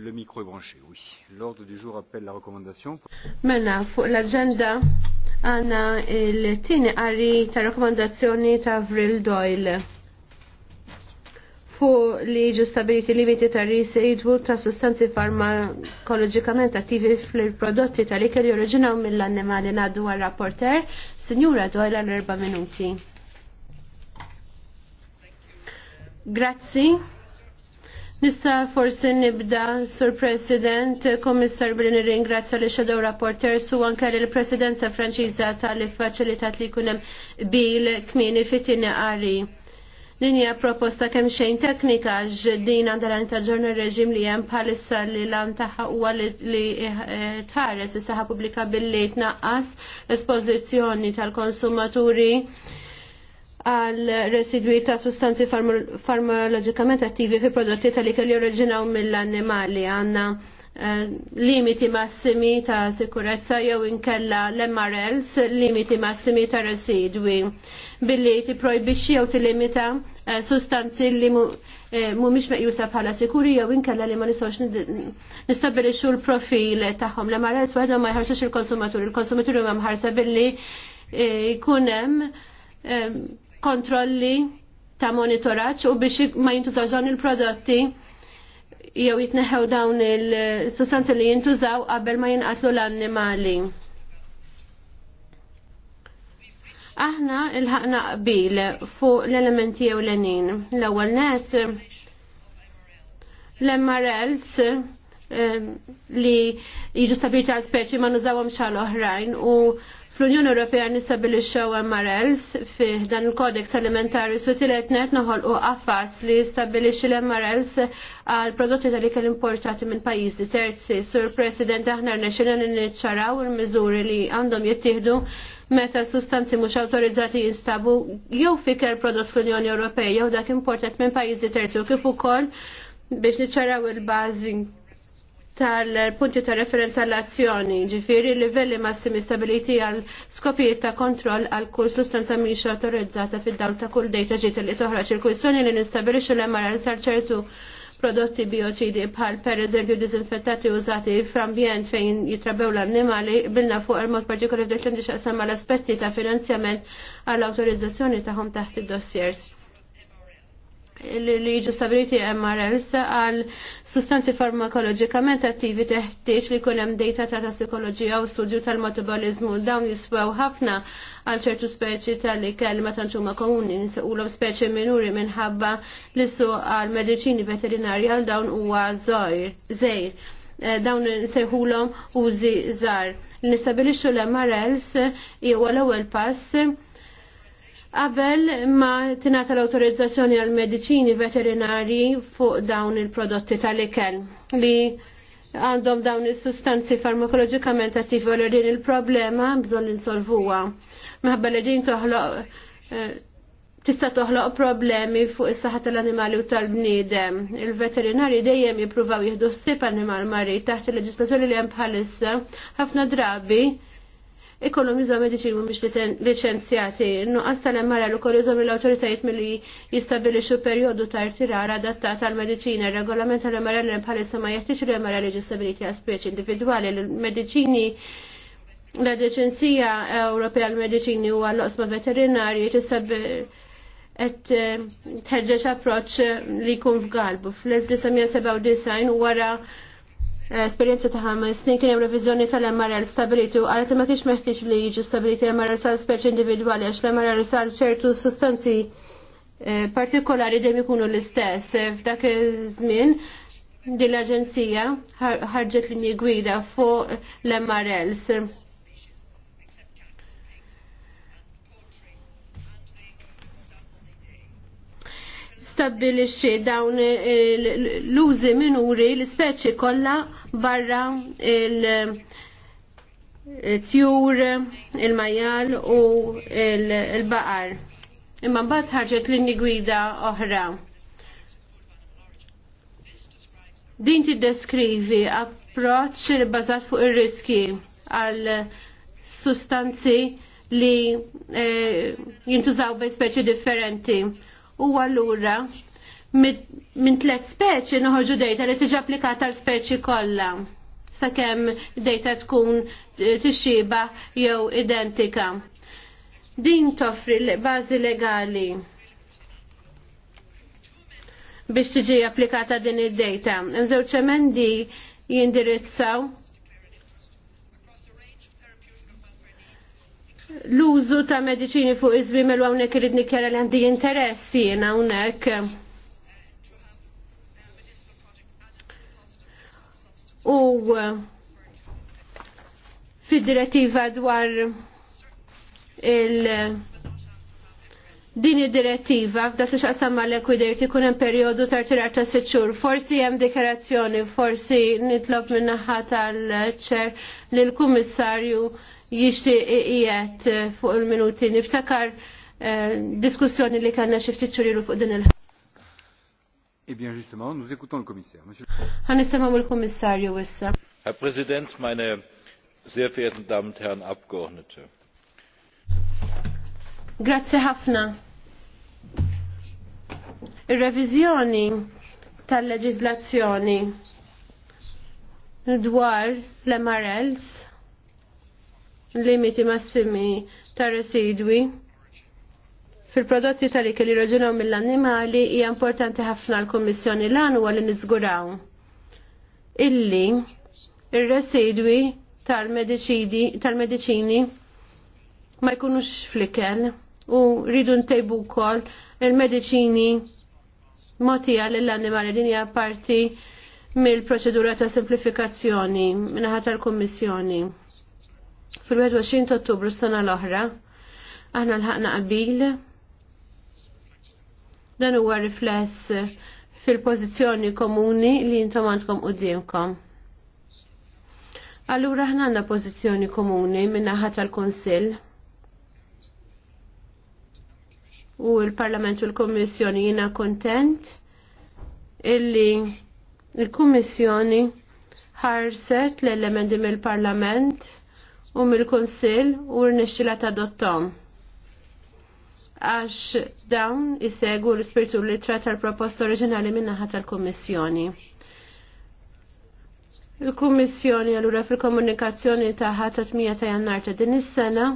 Le micro est branché, oui. L'ordre du jour appelle la recommandation. Mela, fuq l-agenda għanna il-tini għarri ta' rekomandazzjoni ta' Avril Doyle. Fu li ġu stabiliti limiti ta' risidwu ta' sustanzi farmakologikament attivi fil-prodotti tal kelli oriġinaw mill-annimali naddu għal rapporter, Signora Doyle għal erba' minuti. Grazzi. Nista forsi nibda, Sur President, Komissar billi nirringrazzja li Shadow Rapporters u anke l presidenza Franċiża tal-li faċilitat li kunem bil kmini fit għari. qari. Din hija proposta kemm xejn teknika ġdin għandalan taġġorna reġim li hemm bħalissa li lan tagħha huwa li eh, tħares is-saħħa pubblika billi tnaqqas l-espożizzjoni tal-konsumaturi għal residwi ta' sustanzi farmologikament attivi fi prodotti tal li oriġinaw mill-annimali għanna eh, limiti massimi ta' sikurezza jew inkella l-MRLs limiti massimi ta' residwi billi ti projbixi jew ti limita eh, sustanzi li mumiex eh, meqjusa bħala sikuri jew inkella li ma nistgħux nistabilixxu l-profil tagħhom l-MRLs wahda ma jħarsux il-konsumatur. Il-konsumatur huma mħarsa billi jkun hemm kontrolli ta' monitoraċ u biex ma jintużaw il-prodotti jew jitneħew dawn il-sustanzi li jintużaw qabel ma jinqatlu l-annimali. Aħna il-ħakna qbil fuq l-elementi jew l-enin. L-ewwel net l-MRLs eh, li jiġu stabilita l-speċi ma nużawhom xal oħrajn u Fl-Unjoni Ewropea nistabilixxew MRLs fih dan il-Kodeks Alimentari su tielet net noħolqu qafas li jistabilixxi l-MRLs għal prodotti tal ikel importati minn pajjiżi terzi. Sur President aħna rnexxilna niċċaraw il-miżuri li għandhom jittieħdu meta sustanzi mhux awtorizzati jinstabu jew fikel prodott fl-Unjoni Ewropea jew dak importat minn pajjiżi terzi u kif ukoll biex niċċaraw il-bażi tal-punti ta' referenza l-azzjoni, ġifiri livelli massimi stabiliti għal skopijiet ta' kontroll għal kull sustanza miex autorizzata fid-dawl ta' kull dejta ġiet li toħraċ il-kwissjoni li nistabilixu l-MRS għal ċertu prodotti bioċidi bħal per eżempju dizinfettati użati f'ambjent fejn jitrabew l-annimali bilna fuq il-mod partikolari f'dek li l-aspetti ta' finanzjament għall-autorizzazzjoni tagħhom taħt id-dossiers li jiġu stabiliti MRLs għal sustanzi farmakoloġikament attivi teħtieġ li jkun hemm data ta' tasikoloġija u studju tal-metabolizmu dawn jiswew ħafna għal ċertu speċi tal-ikel ma tantx ma komuni nisaqulhom speċi minuri minħabba li su għal mediċini veterinarji għal dawn huwa żgħir żejr eh, dawn nsejħulhom użi żgħar. Nistabilixxu l-MRLs jew l-ewwel pass Qabel ma tingħata l-awtorizzazzjoni għal mediċini veterinari fuq dawn il-prodotti tal-ikel li għandhom dawn is-sustanzi farmakoloġikament attiv għal din il-problema bżonn insolvuha. Maħabba li din toħloq eh, tista' toħloq problemi fuq is-saħħa tal animali u tal-bniedem. Il-veterinari dejjem jippruvaw jieħdu ssib animal marit taħt il-leġislazzjoni li hemm bħalissa ħafna drabi ikollhom jużaw mediċin mhumiex liċenzjati. Nuqqas tal-emmara l ukoll jużaw l-awtoritajiet milli xo perjodu ta' irtirar adattat għal mediċina regolament tal-emmara li bħalissa ma jeħtieġ l-emmara li ġistabiliti għal speċi individwali l medicini l-Aġenzija Ewropea għal medicini u għall-Osma Veterinarji tistab et eh, tħedġeċ approċ li jkun f'galbu. Fl-1997 wara Eh, esperienza ta' ħames snin kien hemm reviżjoni tal-MRL stabilitu għal li ma kienx meħtieġ li jiġu stabiliti l-MRL sal speċi individwali għax l-MRL sal ċertu sustanzi eh, partikolari dejjem ikunu l-istess. Eh, f'dak iż-żmien din l-aġenzija ħarġet linji gwida fuq l-MRLs stabbilixxi dawn eh, l-użi minuri l-ispeċi kollha barra il- tjur, il-majjal u il-baqar. Imma mbagħad ħarġet linni gwida oħra. Din tiddeskrivi approċċ li bażat fuq ir-riski għal sustanzi li eh, jintużaw bej speċi differenti u allura minn tliet speċi noħoġu dejta li tiġi applikata l speċi kollha sakemm dejta tkun eh, tixxiba jew identika. Din toffri bażi legali biex tiġi applikata din id-dejta. Mżewċ emendi jindirizzaw l-użu ta' medicini fuq iżbim mela l hawnhekk irid nikkjara li għandi interess jiena hawnhekk. U fid-direttiva dwar il- din id-direttiva f'dak li xaqsam ma l-ekwidirti kun hemm perjodu tar tirar ta' sitt Forsi hemm dikarazzjoni, forsi nitlob min-naħa tal-ċer lill kummissarju jixtieq ijiet fuq il-minuti niftakar eh, diskussjoni li kanna xifti ftit fuq din il Eh bien justement, nous écoutons le commissaire. Monsieur il-Kommissarju issa. Herr Präsident, meine sehr verehrten Damen und Herren Abgeordnete. Grazie ħafna. Ir-reviżjoni tal-leġiżlazzjoni dwar l-MRLs limiti massimi ta' residwi fil-prodotti tal-ik li raġunaw mill-annimali hija importanti ħafna l-Kommissjoni l-għan għalli li nizguraw illi il residwi tal-medicini ma jkunux fl-ikel u rridu ntejbu kol il-medicini motija l-annimali din hija parti mill-proċedura ta' simplifikazzjoni minnaħat tal-Kommissjoni. Fil-21 ta' ottubru s-sena l-oħra, aħna l-ħakna qabil, dan huwa rifless fil-pozizjoni komuni li jintom għandkom dimkom. Allura ħna għandna pożizzjoni komuni minnaħa tal konsil U l-Parlament u l-Kommissjoni jina kontent illi l-Kommissjoni ħarset l-elementi mill-Parlament u mill-Kunsill u ta' tadottom. Għax dawn isegu l-ispirtu li litra tal-proposta oriġinali minnaħa tal-Kummissjoni. Il-Kummissjoni allura fil-komunikazzjoni taħħa ta' 8 ta' jannar ta' din is-sena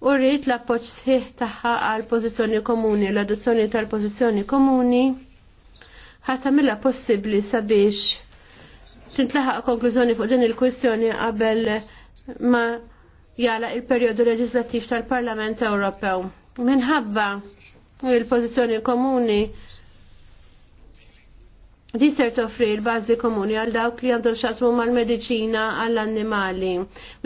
u rrit l-appoċ sħiħ taħħa għal pozizjoni komuni, l-adozzjoni tal pozizjoni komuni ħatamilla possibli sabiex tintlaħaq konklużjoni fuq din il-kwistjoni qabel ma jala il-periodu leġislattiv tal-Parlament Ewropew. Minħabba il-pozizjoni komuni di ser toffri l-bazzi komuni għal dawk li għandhom xasmu mal-medicina għall-annimali.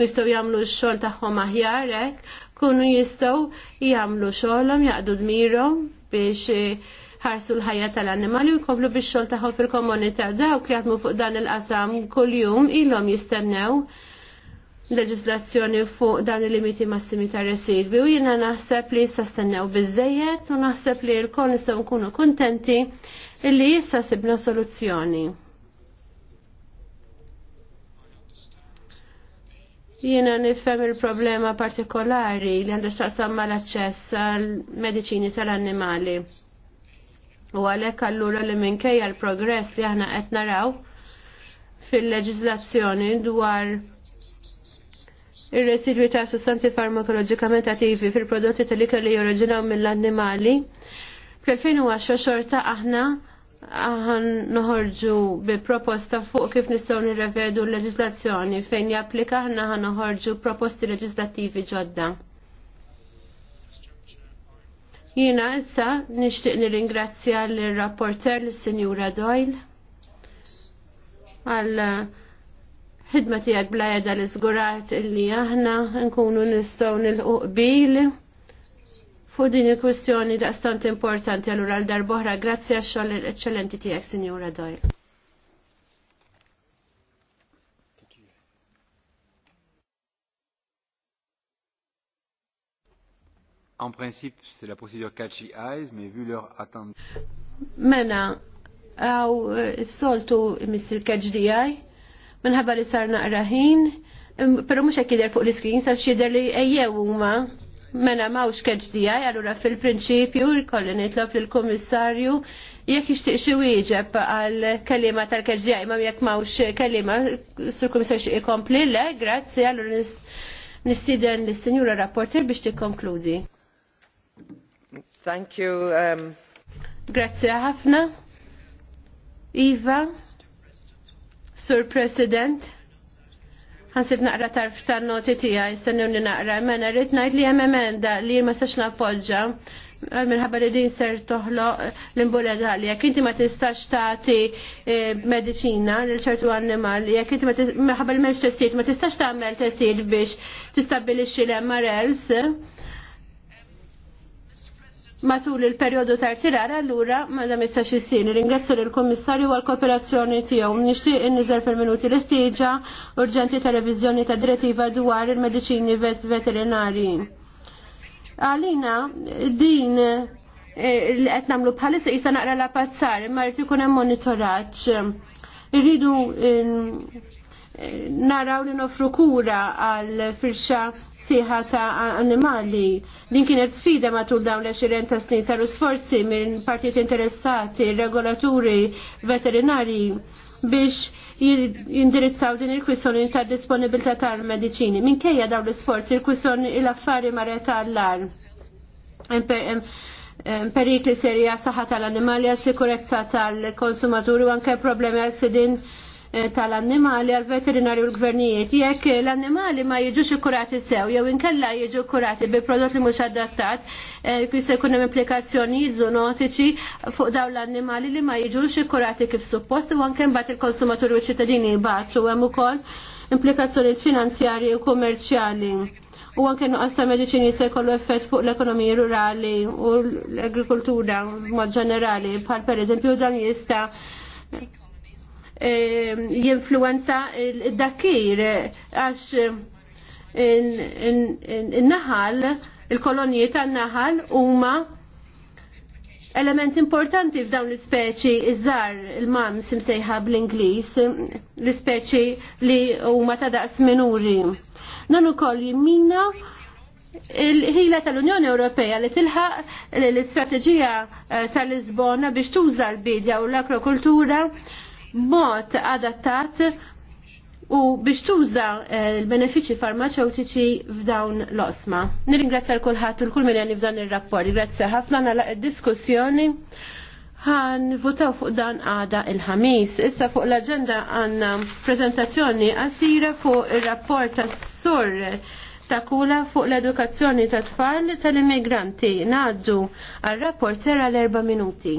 Mistow jamlu x-xol taħħom aħjarek, kunu jistaw jamlu xolom jaqdu dmirom biex eh, ħarsu l-ħajja tal-annimali u jkomplu biex xol taħħom fil-komunità dawk li għatmu fuq dan il-qasam kull-jum ilhom jistennew leġislazzjoni fuq dan il-limiti massimi ta' residwi u jina naħseb li jissa stennew bizzejiet u naħseb li l-kon nistaw nkunu kontenti illi jissa sibna soluzzjoni. Jina nifhem il-problema partikolari li għandu xaqsam mal-aċċess għal mediċini tal-annimali. U għalhekk allura li minkejja l-progress li aħna qed naraw fil-leġiżlazzjoni dwar ir-residwi ta' sustanzi farmakoloġikament attivi fil-prodotti tal-ikel li jorġinaw mill-annimali. Fl-2010 xorta aħna aħan noħorġu bi proposta fuq kif nistgħu nirrevedu l-leġislazzjoni fejn japplika aħna aħan noħorġu proposti leġislattivi ġodda. Jiena issa nixtieq nirringrazzja l-rapporter l-Sinjura Doyle għal ħidma tiegħek bla l li żgurat li aħna nkunu nistgħu nilqu qbil Fudini din il-kwistjoni daqstant importanti allura għal darbohra grazzi għax l-eccellenti tiegħek Signora Doyle. En principe, c'est la procédure catchy eyes, mais vu leur attente. Mena, għaw soltu Mr. eye minħabba li sar naqra ħin, pero mux jidher fuq l-iskrin, sa xider li ejjew huma mena mawx keċ dijaj, allura fil-prinċipju rikolli nitlob lill-Kummissarju jekk jixtieq xi wieġeb għal kelliema tal-keċ dijaj, ma jekk mawx kelliema, sur Kummissarju xi ikompli, le, grazzi, allura nistieden lis sinjura rapporter biex tikkonkludi. Thank you. Um... Grazie ħafna. Iva. Sur President, ħansib naqra tarf tal-noti tijaj, stannuni naqra, mena rrit najt li jem emenda li ma sax napoġġa, eh, minħabba li din ser toħlo eh, l-imbolega li jek inti ma tistax tati eh, medicina l-ċertu animali, jek inti ma tistax testijiet, ma tistax tamel testijiet biex tistabilixi l-MRLs, matul il-periodu ta' tirara allura ma da mistax issir. Ringrazzju lill kummissarju għall kooperazzjoni tiegħu. Nixtieq inniżel fil-minuti li ħtieġa urġenti ta' reviżjoni ta' direttiva dwar il-mediċini veterinari. Għalina din eh, li qed nagħmlu bħalissa jisa naqra la pazzar, imma jrid ikun hemm monitoraġġ. Irridu naraw li nofru kura għal firxa siħa ta' animali. Din kienet sfida matul dawn l-20 ta' snin saru sforzi minn partijiet interessati, regolaturi, veterinari biex jindirizzaw din il-kwissjoni ta' disponibilità tal-medicini. Minkejja dawn l-sforzi il-kwissjoni l-affari marja tal ar Perikli serja saħħa tal-animali, sikurezza tal-konsumaturi u anke problemi għal sidin Eh, tal-annimali għal veterinari u l-gvernijiet jekk l-annimali ma jiġux ikkurati sew jew inkella jiġu kurati bi prodott li mhux adattat eh, jista' jkun hemm implikazzjonijiet zoonotiċi fuq dawn l-annimali li ma jiġux ikkurati kif suppost u anke mbagħad il-konsumaturi u ċittadini jbaċċu hemm ukoll implikazzjonijiet finanzjarji u kummerċjali. U anke nuqqas ta' mediċini se jkollu effett fuq l-ekonomija rurali u l-agrikoltura mod ġenerali, bħal pereżempju dan jista' Ehm, jinfluenza id-dakir għax in-naħal, il-kolonji tan-naħal huma element importanti f'dawn l-ispeċi iż-żar il-mam simsejħa bl-Ingliż, l-ispeċi li huma ta' daqs minuri. Non ukoll jimmina il-ħila tal-Unjoni Ewropea li tilħaq l-istrateġija eh, tal-Lisbona biex tuża l-bidja u l-akrokultura b'mod adattat u biex tuża eh, l-benefiċi farmaceutiċi f'dawn l-osma. Nirringrazzja l kulħadd u l-kull minjani f'dan ir-rapport. Grazzi ħafna nagħlaq id-diskussjoni. Ħan votaw fuq dan għada il-ħamis. Issa fuq l-agenda għanna prezentazzjoni għasira fuq il-rapport tas sur ta' kula fuq l-edukazzjoni ta' tfal tal-immigranti. Naddu għal-rapport tera l-erba minuti.